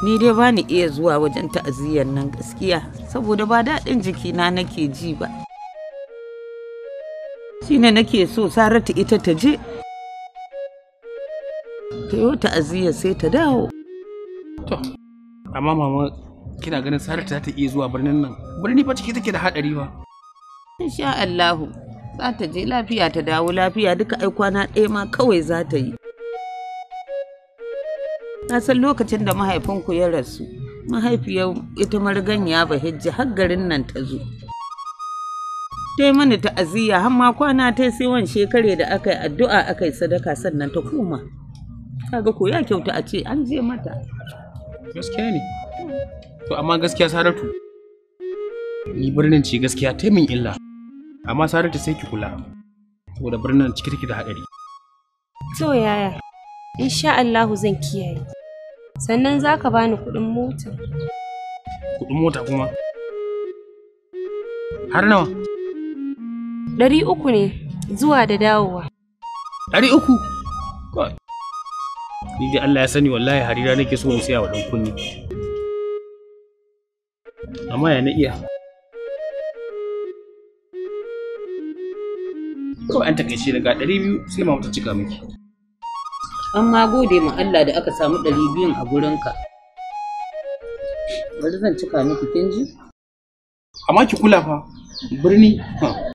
ni dai ba ni iya zuwa wajen ta'aziyyar nan gaskiya saboda ba daɗin jikina nake ji ba ne nake so saratu ita ta je ta yi aziyar sai ta dawo to amma mama kina ganin saratu za ta iya zuwa birnin nan birni ba ciki take da haɗari ba insha Allahu za ta je lafiya ta dawo lafiya duka ai kwana ɗaya ma kawai za ta yi na san lokacin da mahaifinku ya rasu mahaifiyar ita marganya ba hijji har garin nan ta zo ta yi mani ta'aziyya har ma kwana ta sai wani shekare da aka yi addu'a aka yi sadaka sannan ta koma kaga ko ya kyauta a ce an je mata gaskiya ne to amma gaskiya saratu ni birnin ce gaskiya ta min illa amma saratu sai ki kula saboda birnin ciki take da haɗari to yaya insha Allahu zan kiyaye sannan za ka bani kuɗin mota. Kuɗin mota kuma? Har nawa? Ɗari uku ne zuwa da dawowa. Ɗari uku? Ni dai Allah ya sani wallahi harira nake so in siya wa ɗan kunni. Amma ya na iya. Kawai an takaice daga ɗari biyu sai ma wata cika miki. an ma gode ma Allah da aka samu ɗari biyun a gurin ka. bari zan cika miki kin ji amma ki kula fa birni